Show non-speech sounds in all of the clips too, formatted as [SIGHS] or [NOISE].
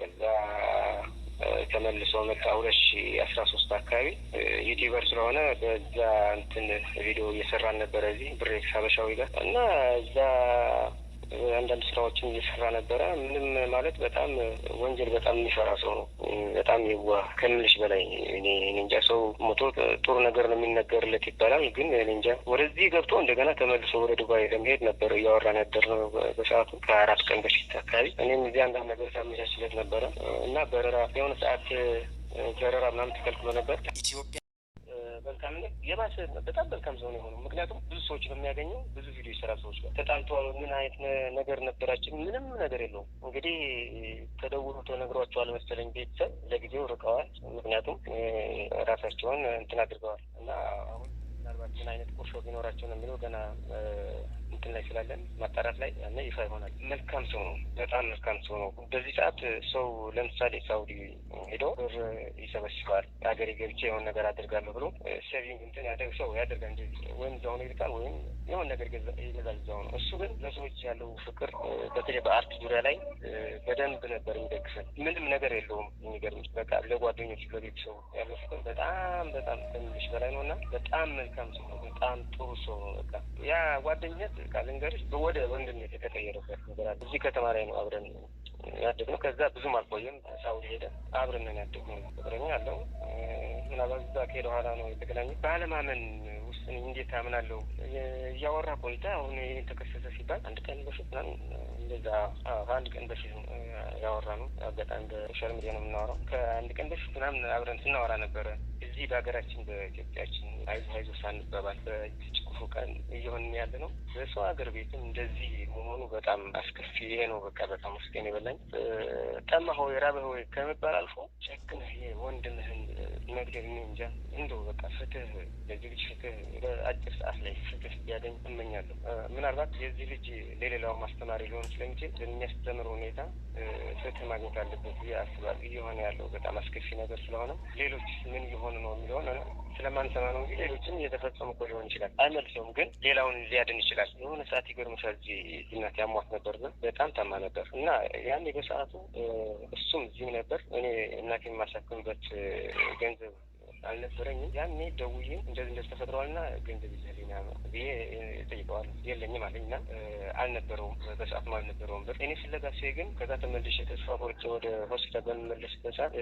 ከዛ ተመልሶ መጣ ሁለት ሺ አስራ ሶስት አካባቢ ዩቲበር ስለሆነ በዛ እንትን ቪዲዮ እየሰራን ነበረ እዚህ ብሬክስ ሀበሻዊ ጋር እና እዛ አንዳንድ ስራዎችን እየሰራ ነበረ። ምንም ማለት በጣም ወንጀል በጣም የሚፈራ ሰው ነው። በጣም የዋ ከምልሽ በላይ እንጃ። ሰው ሞቶ ጥሩ ነገር ነው የሚነገርለት ይባላል፣ ግን እንጃ። ወደዚህ ገብቶ እንደገና ተመልሶ ወደ ዱባይ ለመሄድ ነበር እያወራን ነው በሰዓቱ ከአራት ቀን በፊት አካባቢ። እኔም እዚህ አንዳንድ ነገር ሳመቻችለት ነበረ እና በረራ የሆነ ሰዓት በረራ ምናምን ተከልክሎ ነበር ኢትዮጵያ መልካምነት የባሰ በጣም መልካም ሰው ነው የሆነው። ምክንያቱም ብዙ ሰዎች ነው የሚያገኘው። ብዙ ቪዲዮ ይሰራ ሰዎች ጋር ተጣልተዋል። ምን አይነት ነገር ነበራችን? ምንም ነገር የለውም። እንግዲህ ተደውሎ ተነግሯቸዋል መሰለኝ። ቤተሰብ ለጊዜው ርቀዋል። ምክንያቱም ራሳቸውን እንትን አድርገዋል እና አሁን ምናልባት ምን አይነት ቁርሾ ቢኖራቸው ነው የሚለው ገና ልናስቀጥል እንችላለን። ማጣራት ላይ ያነ ይፋ ይሆናል። መልካም ሰው ነው፣ በጣም መልካም ሰው ነው። በዚህ ሰዓት ሰው ለምሳሌ ሳውዲ ሄዶ ብር ይሰበስባል። ሀገሬ ገብቼ የሆን ነገር አደርጋለሁ ብሎ ሴቪንግ እንትን ያደርግ ሰው ያደርጋ እንጂ ወይም እዛው ይልቃል ወይም የሆን ነገር ይገዛል እዛው ነው። እሱ ግን ለሰዎች ያለው ፍቅር በተለይ በአርት ዙሪያ ላይ በደንብ ነበር የሚደግፈን። ምንም ነገር የለውም የሚገርምሽ፣ በቃ ለጓደኞች ለቤተሰቡ ያለው ፍቅር በጣም በጣም ከምልሽ በላይ ነው እና በጣም መልካም ሰው ነው። በጣም ጥሩ ሰው ነው። በቃ ያ ጓደኝነት በቃ ልንገርሽ፣ ወደ ወንድነት የተቀየረበት ነገር አለ። እዚህ ከተማ ላይ ነው አብረን ያደግ ነው። ከዛ ብዙም አልቆየም፣ ሳውዲ ሄደ። አብረን ነው ያደግነው። ፍቅረኛ አለው። ምናልባት እዛ ከሄደ ኋላ ነው የተገናኘ። ባለማመን ውስጥ እንዴት አምናለሁ? እያወራ ቆይታ አሁን ይህን ተከሰሰ ሲባል አንድ ቀን በፊት ምናምን እንደዛ፣ ከአንድ ቀን በፊት ያወራ ነው። አጋጣሚ በሶሻል ሚዲያ ነው የምናወራው። ከአንድ ቀን በፊት ምናምን አብረን ስናወራ ነበረ እዚህ በሀገራችን በኢትዮጵያችን አይዞ አይዞህ ሳንባባል ባለፈው ቀን እየሆን ያለ ነው። በሰው ሀገር ቤትም እንደዚህ መሆኑ በጣም አስከፊ ይሄ ነው። በቃ በጣም ውስጤን የበላኝ ጠማህ ወይ ራበህ ወይ ከመባል አልፎ ጨክነህ ወንድምህን መግደል እኔ እንጃ። እንደው በቃ ፍትህ ለዚህ ልጅ ፍትህ በአጭር ሰዓት ላይ ፍትህ ያገኝ እመኛለሁ። ምናልባት የዚህ ልጅ ለሌላው ማስተማሪ ሊሆን ስለሚችል በሚያስተምር ሁኔታ ፍትህ ማግኘት አለበት ብዬ አስባለሁ። እየሆነ ያለው በጣም አስከፊ ነገር ስለሆነ ሌሎች ምን እየሆኑ ነው የሚለውን ስለማንሰማ ነው እንጂ ሌሎችም እየተፈጸሙ እኮ ሊሆን ይችላል። አመል አይመስለውም፣ ግን ሌላውን ሊያድን ይችላል። የሆነ ሰዓት ይገርምሻል፣ እዚህ እናት ያሟት ነበር፣ በጣም ታማ ነበር እና ያኔ በሰዓቱ እሱም እዚህም ነበር። እኔ እናቴ የማሳክምበት ገንዘብ አልነበረኝም። ያኔ ደውዬ እንደዚህ እንደዚህ ተፈጥረዋልና ገንዘብ ይዘህልኝ ብዬ ጠይቀዋል። የለኝም አለኝ እና አልነበረውም፣ በሰዓቱ አልነበረውም። በጤኔ ፍለጋ ሲ ግን ከዛ ተመልሼ ተስፋ ቆርጬ ወደ ሆስፒታል በምመለስበት ሰዓት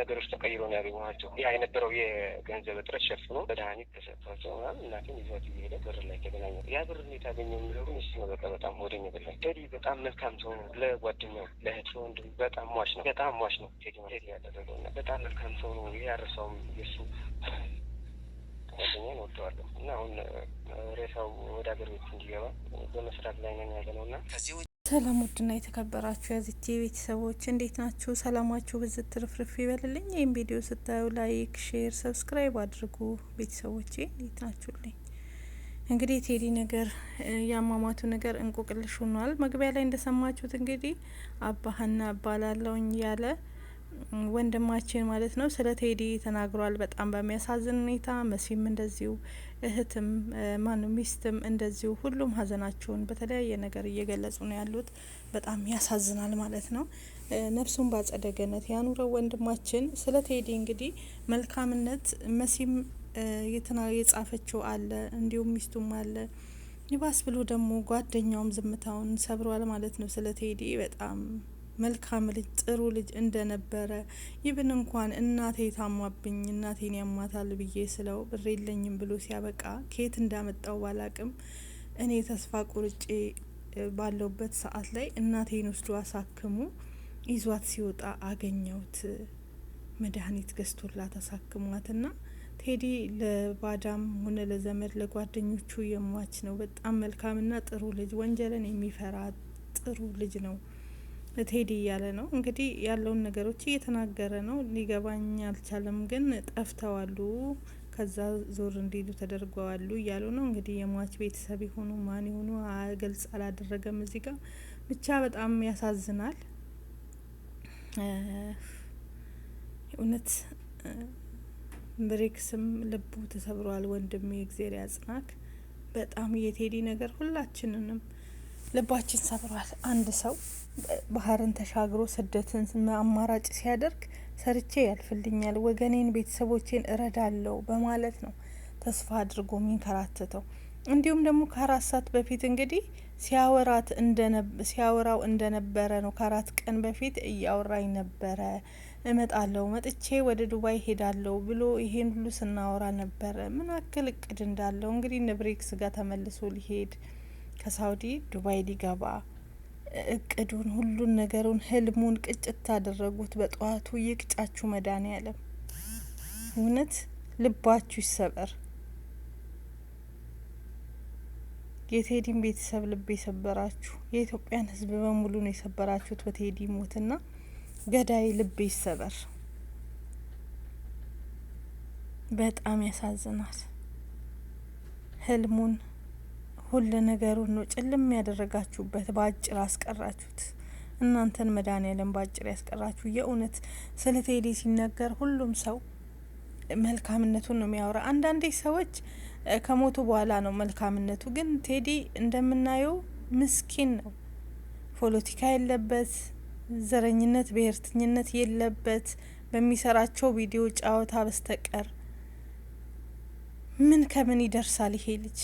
ነገሮች ተቀይሮ ነው ያገኘኋቸው። ያ የነበረው የገንዘብ እጥረት ሸፍኖ መድኃኒት ተሰጥቷቸው ምናምን እናቴን ይዟት እየሄደ ብር ላይ ተገናኘ። ያ ብር እንዴት አገኘ የሚለውን እሱ ነው በቃ በጣም ወደኛ ብላ ቴዲ በጣም መልካም ሰው ነው። ለጓደኛው ለእህት ወንድም በጣም ሟች ነው። በጣም ሟች ነው ቴዲ ያደረገው እና በጣም መልካም ሰው ነው። ያረሳውም የሱ ጓደኛዬን ወደዋለሁ እና አሁን ሬሳው ወደ ሀገር ቤት እንዲገባ በመስራት ላይ ነን ያለ ነው እና ሰላም ውድና የተከበራችሁ የዚቴ ቤተሰቦች እንዴት ናችሁ? ሰላማችሁ ብዝት ርፍርፍ ይበልልኝ። ይህም ቪዲዮ ስታዩ ላይክ፣ ሼር፣ ሰብስክራይብ አድርጉ። ቤተሰቦቼ እንዴት ናችሁልኝ? እንግዲህ የቴዲ ነገር የአሟሟቱ ነገር እንቁቅልሽ ሆኗል። መግቢያ ላይ እንደሰማችሁት እንግዲህ አባህና እባላለሁኝ ያለ ወንድማችን ማለት ነው ስለ ቴዲ ተናግሯል። በጣም በሚያሳዝን ሁኔታ መሲም እንደዚሁ እህትም ማን ሚስትም እንደዚሁ ሁሉም ሀዘናቸውን በተለያየ ነገር እየገለጹ ነው ያሉት። በጣም ያሳዝናል ማለት ነው። ነፍሱን ባጸደ ገነት ያኑረው ወንድማችን። ስለ ቴዲ እንግዲህ መልካምነት መሲም የተና የጻፈችው አለ እንዲሁም ሚስቱም አለ ይባስ ብሎ ደግሞ ጓደኛውም ዝምታውን ሰብሯል ማለት ነው ስለ ቴዲ በጣም መልካም ልጅ ጥሩ ልጅ እንደነበረ ይብን እንኳን እናቴ ታሟብኝ እናቴን ያሟታል ብዬ ስለው ብር የለኝም ብሎ ሲያበቃ ከየት እንዳመጣው ባላቅም እኔ ተስፋ ቁርጬ ባለውበት ሰዓት ላይ እናቴን ወስዶ አሳክሙ ይዟት ሲወጣ አገኘውት። መድኃኒት ገዝቶላት አሳክሟትና ቴዲ ለባዳም ሆነ ለዘመድ ለጓደኞቹ የሟች ነው። በጣም መልካምና ጥሩ ልጅ፣ ወንጀልን የሚፈራ ጥሩ ልጅ ነው። ቴዲ እያለ ነው እንግዲህ ያለውን ነገሮች እየተናገረ ነው። ሊገባኝ አልቻለም፣ ግን ጠፍተዋሉ፣ ከዛ ዞር እንዲሉ ተደርገዋሉ እያሉ ነው እንግዲህ የሟች ቤተሰብ የሆኑ ማን የሆኑ ግልጽ አላደረገም። እዚህ ጋር ብቻ በጣም ያሳዝናል። እውነት ብሬክስም ልቡ ተሰብሯል። ወንድሜ እግዜር ያጽናክ። በጣም የቴዲ ነገር ሁላችንንም ልባችን ሰብሯል። አንድ ሰው ባህርን ተሻግሮ ስደትን አማራጭ ሲያደርግ ሰርቼ ያልፍልኛል፣ ወገኔን፣ ቤተሰቦቼን እረዳለው በማለት ነው ተስፋ አድርጎ የሚንከራትተው። እንዲሁም ደግሞ ከአራት ሰዓት በፊት እንግዲህ ሲያወራት ሲያወራው እንደነበረ ነው። ከአራት ቀን በፊት እያወራኝ ነበረ እመጣለሁ፣ መጥቼ ወደ ዱባይ ሄዳለሁ ብሎ ይሄን ሁሉ ስናወራ ነበረ። ምን ያክል እቅድ እንዳለው እንግዲህ ንብሬክስ ጋር ተመልሶ ሊሄድ ከሳውዲ ዱባይ ሊገባ እቅዱን ሁሉን ነገሩን ህልሙን ቅጭት አደረጉት። በጠዋቱ ይቅጫችሁ ያለ እውነት ልባችሁ ይሰበር። የቴዲን ቤተሰብ ልብ የሰበራችሁ የኢትዮጵያን ህዝብ በሙሉ ነው የሰበራችሁት በቴዲ ሞትና ገዳይ ልብ ይሰበር። በጣም ያሳዝናል ህልሙን ሁሉ ነገሩን ነው ጭልም ያደረጋችሁበት፣ በአጭር አስቀራችሁት። እናንተን መድኃኔዓለም በአጭር ያስቀራችሁ። የእውነት ስለ ቴዲ ሲነገር ሁሉም ሰው መልካምነቱን ነው የሚያወራ። አንዳንዴ ሰዎች ከሞቱ በኋላ ነው መልካምነቱ። ግን ቴዲ እንደምናየው ምስኪን ነው። ፖለቲካ የለበት፣ ዘረኝነት፣ ብሔርተኝነት የለበት በሚሰራቸው ቪዲዮ ጨዋታ በስተቀር ምን ከምን ይደርሳል ይሄ ልጅ?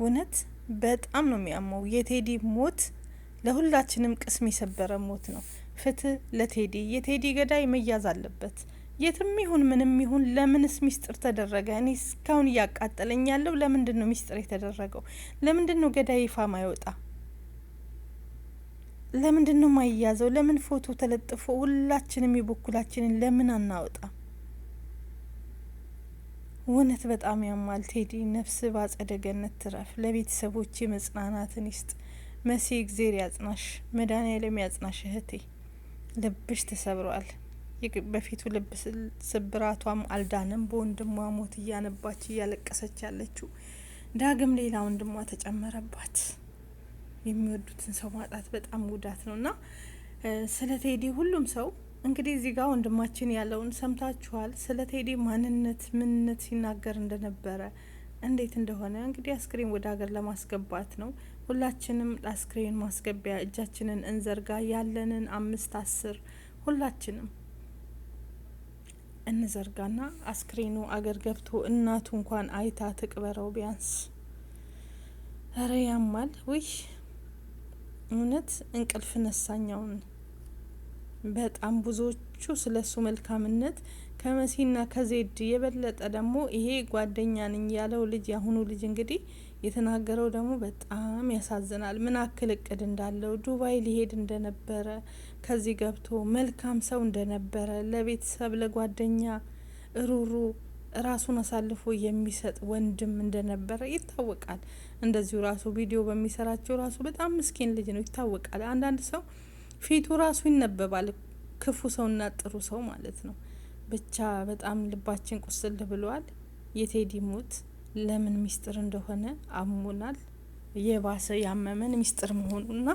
እውነት በጣም ነው የሚያመው። የቴዲ ሞት ለሁላችንም ቅስም የሰበረ ሞት ነው። ፍትህ ለቴዲ። የቴዲ ገዳይ መያዝ አለበት። የትም ይሁን ምንም ይሁን ለምንስ ሚስጥር ተደረገ? እኔ እስካሁን እያቃጠለኝ ያለው ለምንድን ነው ሚስጥር የተደረገው? ለምንድን ነው ገዳይ ይፋ ማይወጣ? ለምንድን ነው ማይያዘው? ለምን ፎቶ ተለጥፎ ሁላችንም የበኩላችንን ለምን አናወጣ? እውነት በጣም ያማል ቴዲ። ነፍስ በአጸደ ገነት ትረፍ። ለቤተሰቦች መጽናናትን ይስጥ። መሲ እግዜር ያጽናሽ፣ መድኃኔዓለም ያጽናሽ እህቴ። ልብሽ ተሰብሯል። በፊቱ ልብ ስብራቷም አልዳንም። በወንድሟ ሞት እያነባች እያለቀሰች ያለችው ዳግም ሌላ ወንድሟ ተጨመረባት። የሚወዱትን ሰው ማጣት በጣም ጉዳት ነው እና ስለ ቴዲ ሁሉም ሰው እንግዲህ እዚህ ጋር ወንድማችን ያለውን ሰምታችኋል። ስለ ቴዲ ማንነት ምንነት ሲናገር እንደነበረ እንዴት እንደሆነ እንግዲህ አስክሬን ወደ ሀገር ለማስገባት ነው። ሁላችንም ለአስክሬን ማስገቢያ እጃችንን እንዘርጋ። ያለንን አምስት አስር ሁላችንም እንዘርጋና አስክሬኑ አገር ገብቶ እናቱ እንኳን አይታ ትቅበረው ቢያንስ። እረ ያማል። ውይ እውነት እንቅልፍ ነሳኛውን በጣም ብዙዎቹ ስለ እሱ መልካምነት ከመሲና ከዜድ የበለጠ ደግሞ ይሄ ጓደኛ ነኝ ያለው ልጅ ያሁኑ ልጅ እንግዲህ የተናገረው ደግሞ በጣም ያሳዝናል። ምን አክል እቅድ እንዳለው ዱባይ ሊሄድ እንደነበረ ከዚህ ገብቶ መልካም ሰው እንደነበረ ለቤተሰብ ለጓደኛ ሩሩ ራሱን አሳልፎ የሚሰጥ ወንድም እንደነበረ ይታወቃል። እንደዚሁ ራሱ ቪዲዮ በሚሰራቸው ራሱ በጣም ምስኪን ልጅ ነው ይታወቃል። አንዳንድ ሰው ፊቱ ራሱ ይነበባል። ክፉ ሰውና ጥሩ ሰው ማለት ነው። ብቻ በጣም ልባችን ቁስል ብሏል። የቴዲ ሞት ለምን ሚስጥር እንደሆነ አሞናል። የባሰ ያመመን ሚስጥር መሆኑና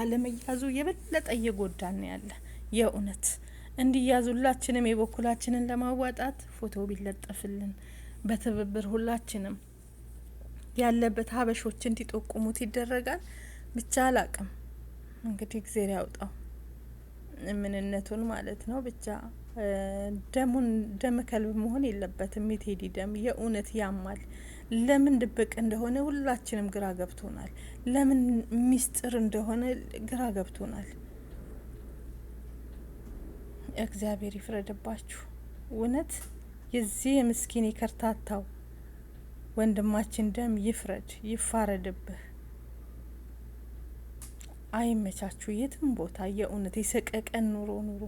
አለመያዙ የበለጠ እየጎዳን ያለ የእውነት እንዲያዙላችንም የበኩላችንን ለማዋጣት ፎቶ ቢለጠፍልን በትብብር ሁላችንም ያለበት ሀበሾች እንዲጠቁሙት ይደረጋል። ብቻ አላቅም እንግዲህ እግዜር ያውጣው ምንነቱን ማለት ነው። ብቻ ደሙን ደም ከልብ መሆን የለበትም። የቴዲ ደም የእውነት ያማል። ለምን ድብቅ እንደሆነ ሁላችንም ግራ ገብቶናል። ለምን ሚስጥር እንደሆነ ግራ ገብቶናል። እግዚአብሔር ይፍረድባችሁ። እውነት የዚህ የምስኪን የከርታታው ወንድማችን ደም ይፍረድ፣ ይፋረድብህ። አይመቻችሁ። የትም ቦታ የእውነት የሰቀቀን ኑሮ ኑሮ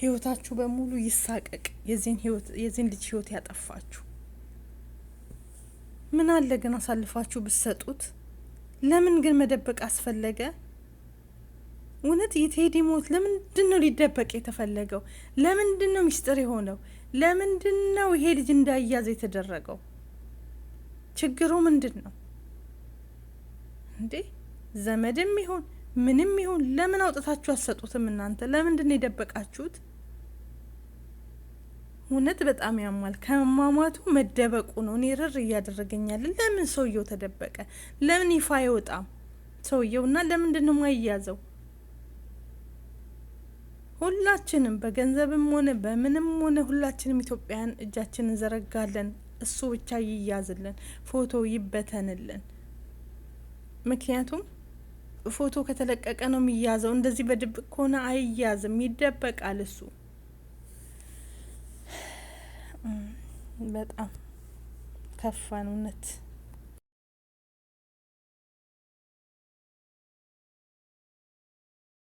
ህይወታችሁ በሙሉ ይሳቀቅ። የዚህን ልጅ ህይወት ያጠፋችሁ ምን አለ ግን አሳልፋችሁ ብትሰጡት? ለምን ግን መደበቅ አስፈለገ? እውነት የቴዲ ሞት ለምንድን ነው ሊደበቅ የተፈለገው? ለምንድን ነው ሚስጥር የሆነው? ለምንድን ነው ይሄ ልጅ እንዳያዝ የተደረገው? ችግሩ ምንድን ነው እንዴ? ዘመድም ይሁን ምንም ይሁን ለምን አውጥታችሁ አሰጡትም እናንተ ለምንድን ነው የደበቃችሁት? እውነት በጣም ያማል። ከማማቱ መደበቁ ነው እኔ ርር ለምን ሰውየው ተደበቀ? ለምን ይፋ አይወጣም ሰውየው እና ለምንድን ነው የማይያዘው? ሁላችንም በገንዘብም ሆነ በምንም ሆነ ሁላችንም ኢትዮጵያን እጃችን እንዘረጋለን። እሱ ብቻ ይያዝልን፣ ፎቶ ይበተንልን። ምክንያቱም ፎቶ ከተለቀቀ ነው የሚያዘው። እንደዚህ በድብቅ ከሆነ አይያዝም፣ ይደበቃል። እሱ [SIGHS] በጣም ከፋን እውነት